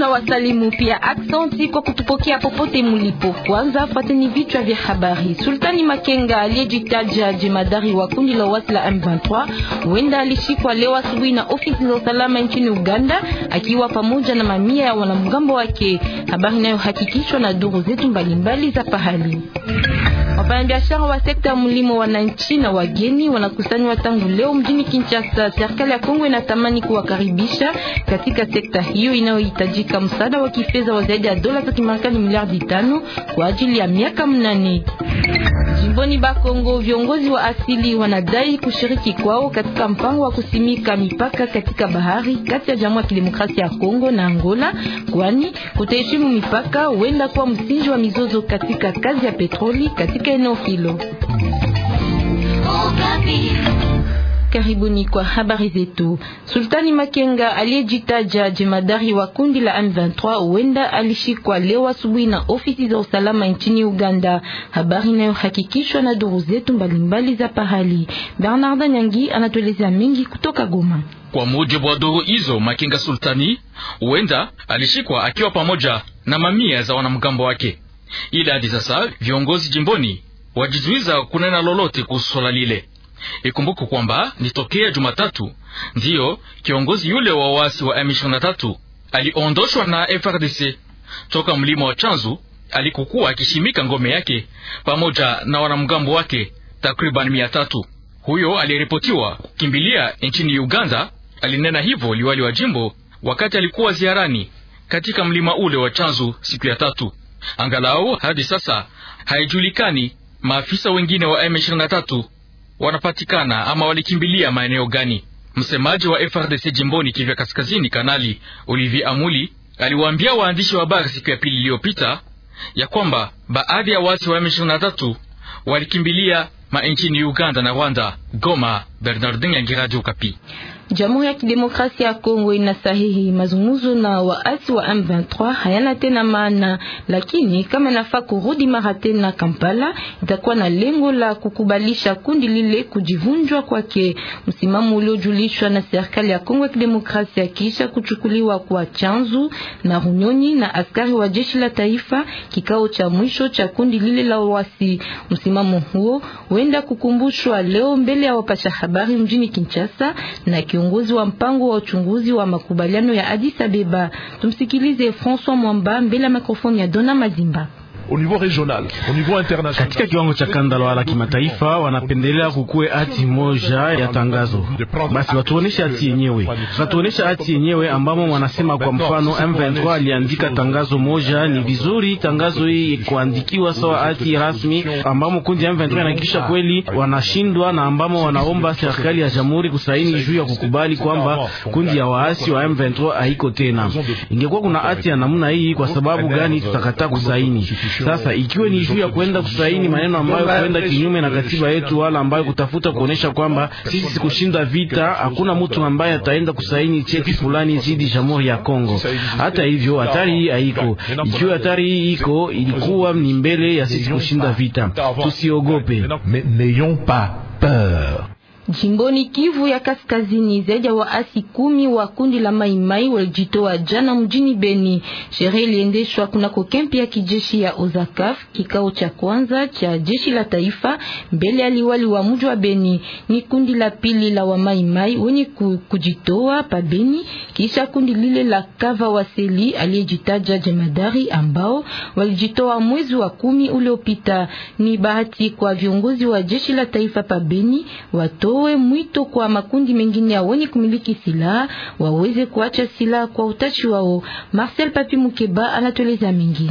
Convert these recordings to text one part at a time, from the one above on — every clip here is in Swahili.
tunawasalimu pia, aksanti kwa kutupokea popote mulipo. Kwanza fuateni vichwa vya habari. Sultani Makenga aliyejitaja jemadari wa kundi la wasi la M23 huenda alishikwa leo asubuhi na ofisi za usalama nchini Uganda akiwa pamoja na mamia ya wanamgambo wake, habari inayohakikishwa na duru zetu mbalimbali za pahali. Wafanyabiashara wa sekta mlimo, wananchi na wageni wanakusanywa tangu leo mjini Kinshasa. Serikali ya Kongo inatamani kuwakaribisha katika sekta hiyo inayohitajika msaada wa kifedha wa zaidi ya dola za Kimarekani miliardi tano kwa ajili ya miaka mnane. Jimboni Bakongo, viongozi wa asili wanadai kushiriki kwao katika mpango wa kusimika mipaka katika bahari kati ya Jamhuri ya Kidemokrasia ya Kongo na Angola, kwani kutaheshimu mipaka huenda kuwa msingi wa mizozo katika kazi ya petroli katika Eno Filo. Karibuni kwa habari zetu. Sultani Makenga aliyejitaja jemadari wa kundi la M23 huenda alishikwa leo asubuhi na ofisi za usalama nchini Uganda, habari inayohakikishwa na duru zetu mbalimbali za pahali. Bernarda Nyangi anatueleza mingi kutoka Goma. Kwa mujibu wa duru hizo, Makenga Sultani huenda alishikwa akiwa pamoja na mamia za wanamgambo wake, ila hadi sasa viongozi jimboni wajizuiza kunena lolote kuhusu swala lile. Ikumbuke kwamba ni tokea Jumatatu ndiyo kiongozi yule wa waasi wa M23 aliondoshwa na FRDC toka mlima wa Chanzu alikokuwa akishimika ngome yake pamoja na wanamgambo wake takriban mia tatu. Huyo aliyeripotiwa kukimbilia nchini Uganda alinena hivyo liwali wa jimbo wakati alikuwa ziarani katika mlima ule wa Chanzu siku ya tatu. Angalau hadi sasa haijulikani Maafisa wengine wa M23 wanapatikana ama walikimbilia maeneo gani? Msemaji wa FRDC jimboni kivya Kaskazini, Kanali Olivier Amuli aliwaambia waandishi wa habari siku ya pili iliyopita ya kwamba baadhi ya watu wa M23 walikimbilia manchini Uganda na Rwanda Goma, Bernardin ya Radio Kapi. Jamhuri ya Kidemokrasia ya Kongo inasahihi mazungumzo na waasi wa M23 hayana tena maana, lakini kama nafaa kurudi mara tena Kampala itakuwa na lengo la kukubalisha kundi lile kujivunjwa kwake, msimamo uliojulishwa na serikali ya Kongo ya Kidemokrasia kisha kuchukuliwa kwa Chanzu na Runyonyi na askari wa jeshi la taifa kikao cha mwisho cha kundi lile la waasi. Msimamo huo huenda kukumbushwa leo mbele mbele ya wapasha habari mjini Kinshasa na kiongozi wa mpango wa uchunguzi wa makubaliano ya Addis Abeba. Tumsikilize François Mwamba mbele ya mikrofoni ya Dona Mazimba au niveau régional, au niveau international. Katika kiwango cha kanda la kimataifa wanapendelea kukue hati moja ya tangazo. Basi watuoneshe hati yenyewe, watuonesha hati yenyewe ambamo wanasema, kwa mfano M23 aliandika tangazo moja. Ni vizuri tangazo hii kuandikiwa sawa hati rasmi ambamo kundi ya M23 inahakikisha kweli wanashindwa na ambamo wanaomba serikali ya jamhuri kusaini juu ya kukubali kwamba kundi ya waasi wa M23 haiko tena. Ingekuwa kuna hati ya namna hii, kwa sababu gani tutakataa kusaini? Sasa ikiwa ni juu ya kwenda kusaini maneno ambayo kwenda kinyume na katiba yetu, wala ambayo kutafuta kuonesha kwamba sisi sikushinda vita, hakuna mtu ambaye ataenda kusaini cheti fulani zidi Jamhuri ya Kongo. Hata hivyo, hatari hii haiko. Ikiwa hatari hii iko, ilikuwa ni mbele ya sisi kushinda vita. Tusiogope. N'ayons pas peur. Jimboni Kivu ya Kaskazini, zaidi ya waasi kumi wa kundi la Maimai walijitoa jana mjini Beni. Sherehe iliendeshwa kunako kempi ya kijeshi ya Ozakaf, kikao cha kwanza cha jeshi la taifa mbele ya liwali wa mji wa Beni. Ni kundi la pili la Wamaimai wenye kujitoa pa Beni kisha kundi lile la Kava Waseli aliyejitaja jemadari, ambao walijitoa mwezi wa kumi uliopita. Ni bahati kwa viongozi wa jeshi la taifa pa Beni wato atoe mwito kwa makundi mengine ya wenye kumiliki silaha waweze kuacha silaha kwa utachi wao. Marcel Papi Mukeba anatueleza mengi.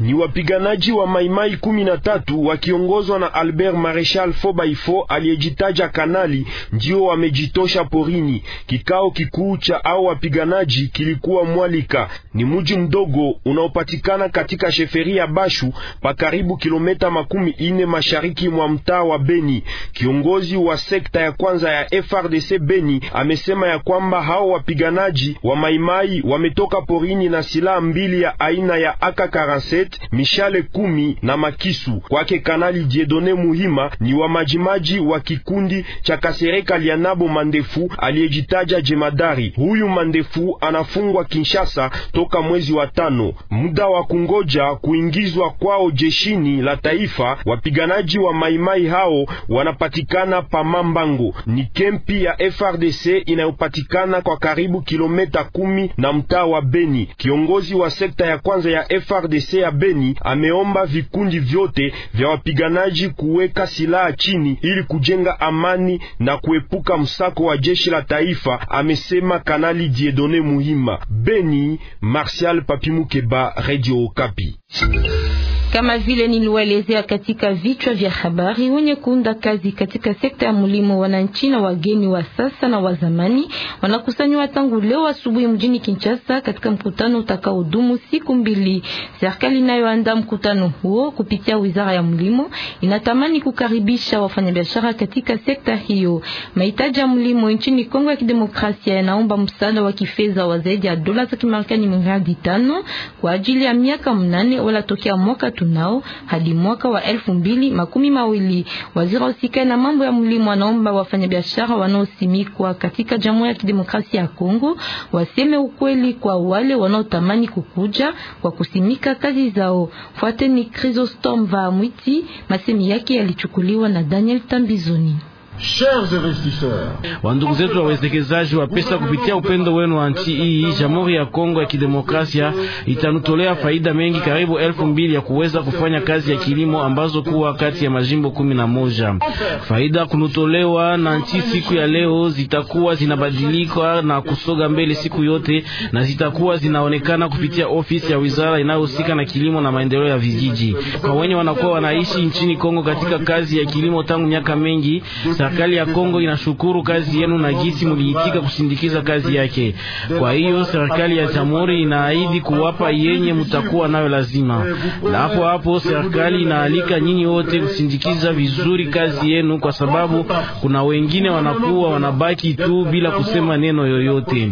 Ni wapiganaji wa maimai kumi na tatu wakiongozwa na Albert Marechal Fobaifo aliyejitaja kanali, ndio wamejitosha porini. Kikao kikuu cha au wapiganaji kilikuwa Mwalika, ni muji mdogo unaopatikana katika sheferi ya Bashu pa karibu kilomita makumi ine mashariki mwa mtaa wa Beni. Kiongozi wa sekta ya kwanza ya FRDC Beni amesema ya kwamba hao wapiganaji wa maimai wametoka porini na silaha mbili ya aina ya AK-47 mishale kumi na makisu. Kwake Kanali Diedone Muhima ni wa majimaji wa kikundi cha Kasereka Lianabo Mandefu aliyejitaja jemadari. Huyu Mandefu anafungwa Kinshasa toka mwezi wa tano, muda wa kungoja kuingizwa kwao jeshini la taifa. Wapiganaji wa maimai hao wanapatikana pamambango ni kempi ya FRDC inayopatikana kwa karibu kilomita kumi na mtaa wa Beni. Kiongozi wa sekta ya kwanza ya FRDC ya Beni ameomba vikundi vyote vya wapiganaji kuweka silaha chini ili kujenga amani na kuepuka msako wa jeshi la taifa, amesema Kanali Diedone Muhima. Beni, Martial Papimukeba, Radio Okapi. Kama vile niliwaelezea katika vichwa vya habari, wenye kuunda kazi katika sekta ya mlimo, wananchi na wageni wa sasa na wa zamani wanakusanywa tangu leo asubuhi mjini Kinshasa katika mkutano utakaohudumu siku mbili. Serikali inayoandaa mkutano huo kupitia Wizara ya Mlimo inatamani kukaribisha wafanyabiashara katika sekta hiyo. Mahitaji ya mlimo nchini Kongo ya Kidemokrasia yanaomba msaada wa kifedha wa zaidi ya dola za Kimarekani milioni tano kwa ajili ya miaka mnane wala tokea mwaka tatu nao hadi mwaka wa elfu mbili makumi mawili. Waziri usikae na mambo ya mlimo anaomba wafanyabiashara wanaosimikwa katika Jamhuri ya Kidemokrasia ya Kongo waseme ukweli kwa wale wanaotamani kukuja kwa kusimika kazi zao. Fuateni Chrysostom Vaamwiti, masemi yake yalichukuliwa na Daniel Tambizoni. Wandugu zetu wa wawekezaji wa pesa, kupitia upendo wenu wa nchi hii, Jamhuri ya Kongo ya Kidemokrasia itanutolea faida mengi, karibu elfu mbili ya kuweza kufanya kazi ya kilimo ambazo kuwa kati ya majimbo kumi na moja. Faida kunutolewa na nchi siku ya leo zitakuwa zinabadilika na kusoga mbele siku yote, na zitakuwa zinaonekana kupitia ofisi ya wizara inayohusika na kilimo na maendeleo ya vijiji, kwa wenye wanakuwa wanaishi nchini Kongo katika kazi ya kilimo tangu miaka mengi serikali ya Kongo inashukuru kazi yenu na gisi muliitika kusindikiza kazi yake. Kwa hiyo serikali ya jamhuri inaahidi kuwapa yenye mtakuwa nayo lazima, na hapo hapo serikali inaalika nyinyi wote kusindikiza vizuri kazi yenu, kwa sababu kuna wengine wanakuwa wanabaki tu bila kusema neno yoyote.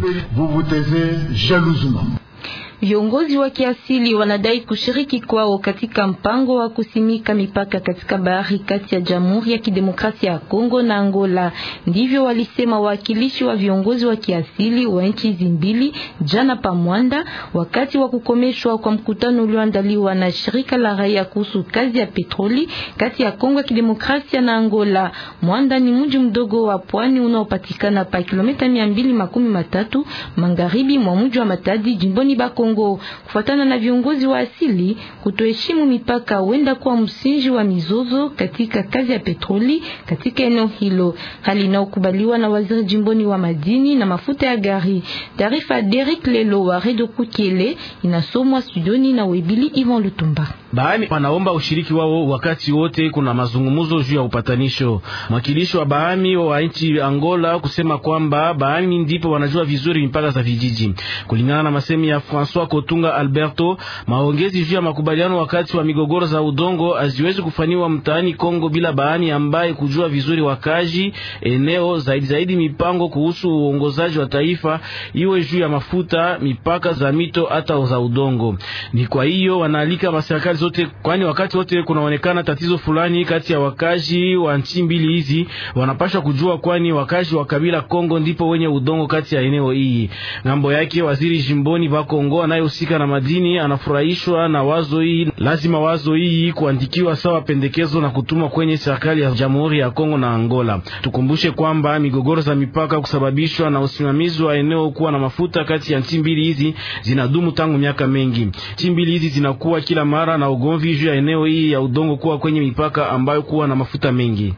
Viongozi wa kiasili wanadai kushiriki kwao katika mpango wa kusimika mipaka katika bahari kati ya Jamhuri ya Kidemokrasia ya Kongo na Angola. Ndivyo walisema wawakilishi wa viongozi wa kiasili wa nchi hizi mbili jana Pamwanda, wakati wa kukomeshwa kwa mkutano ulioandaliwa na shirika la raia kuhusu kazi ya petroli kati ya Kongo ya Kidemokrasia na Angola. Mwanda ni mji mdogo wa pwani unaopatikana pa kilomita 213 magharibi mwa mji wa Matadi jimboni Bakongo. Kongo. Kufuatana na viongozi wa asili, kutoheshimu mipaka huenda kuwa msingi wa mizozo katika kazi ya petroli katika eneo hilo, hali inayokubaliwa na waziri jimboni wa madini na mafuta ya gari. Taarifa Derek Lelo wa Redo Kukiele inasomwa studioni na Webili Ivan Lutumba. Bahani wanaomba ushiriki wao wakati wote kuna mazungumzo juu ya upatanisho. Mwakilishi wa Bahami wa nchi Angola kusema kwamba Bahami ndipo wanajua vizuri mipaka za vijiji kulingana na masemi ya François François Kotunga Alberto, maongezi juu ya makubaliano wakati wa migogoro za udongo haziwezi kufanywa mtaani Kongo bila baani ambaye kujua vizuri wakaji eneo zaidi zaidi, mipango kuhusu uongozaji wa taifa iwe juu ya mafuta, mipaka za mito hata za udongo. Ni kwa hiyo wanaalika maserikali zote, kwani wakati wote kunaonekana tatizo fulani kati ya wakaji wa nchi mbili hizi, wanapaswa kujua, kwani wakaji wa kabila Kongo ndipo wenye udongo kati ya eneo hii. Ngambo yake waziri jimboni wa Kongo anayehusika na madini anafurahishwa na wazo hii. Lazima wazo hii kuandikiwa sawa pendekezo na kutumwa kwenye serikali ya Jamhuri ya Kongo na Angola. Tukumbushe kwamba migogoro za mipaka kusababishwa na usimamizi wa eneo kuwa na mafuta kati ya nchi mbili hizi zinadumu tangu miaka mengi. Nchi mbili hizi zinakuwa kila mara na ugomvi juu ya eneo hii ya udongo kuwa kwenye mipaka ambayo kuwa na mafuta mengi.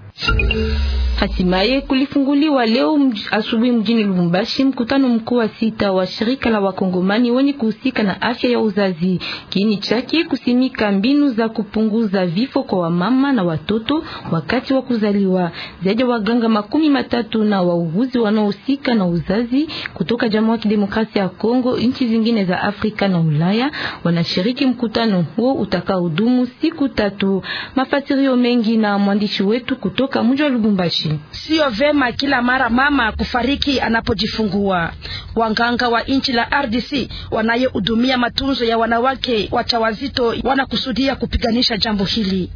Hatimaye kulifunguliwa leo mj asubuhi mjini Lubumbashi mkutano mkuu wa sita wa shirika la wakongomani wenye kuhusika na afya ya uzazi. Kiini chake kusimika mbinu za kupunguza vifo kwa wamama na watoto wakati wa kuzaliwa. Zaidi ya waganga makumi matatu na wauguzi wanaohusika na uzazi kutoka Jamhuri ya Kidemokrasia ya Kongo, nchi zingine za Afrika na Ulaya wanashiriki mkutano huo utakaodumu siku tatu. Mafasirio mengi na mwandishi wetu kutoka mji wa Lubumbashi uzazi. Sio vema kila mara mama kufariki anapojifungua. Wanganga wa nchi la RDC wanayehudumia matunzo ya wanawake wachawazito wanakusudia kupiganisha jambo hili.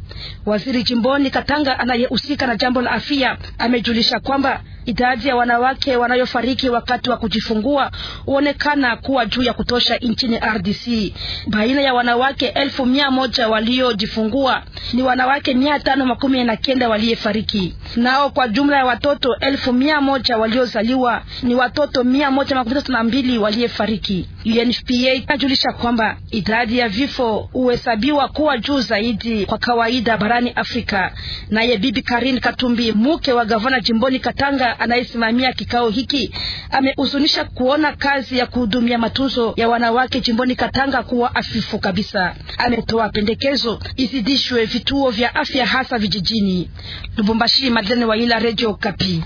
Waziri jimboni Katanga anayehusika na jambo la afya amejulisha kwamba Idadi ya wanawake wanayofariki wakati wa kujifungua huonekana kuwa juu ya kutosha nchini RDC. Baina ya wanawake elfu mia moja waliojifungua ni wanawake mia tano makumi na kenda waliyefariki, nao kwa jumla ya watoto elfu mia moja waliozaliwa ni watoto mia moja makumi tatu na mbili waliyefariki. UNFPA inajulisha kwamba idadi ya vifo huhesabiwa kuwa juu zaidi kwa kawaida barani Afrika. Naye Bibi Karin Katumbi, mke wa gavana jimboni Katanga, anayesimamia kikao hiki amehuzunisha kuona kazi ya kuhudumia matunzo ya wanawake jimboni Katanga kuwa afifu kabisa. Ametoa pendekezo izidishwe vituo vya afya hasa vijijini. Lubumbashi, Madeleine Waila, Radio Kapi.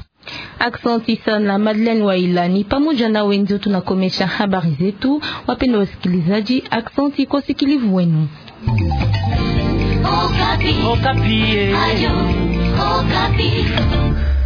Aksanti sana Madeleine Waila. Ni pamoja na wenzio tunakomesha habari zetu. Wapenda wasikilizaji, aksanti kwa sikilivu wenu. Okapi. Okapi. Eh. Ayo, Okapi.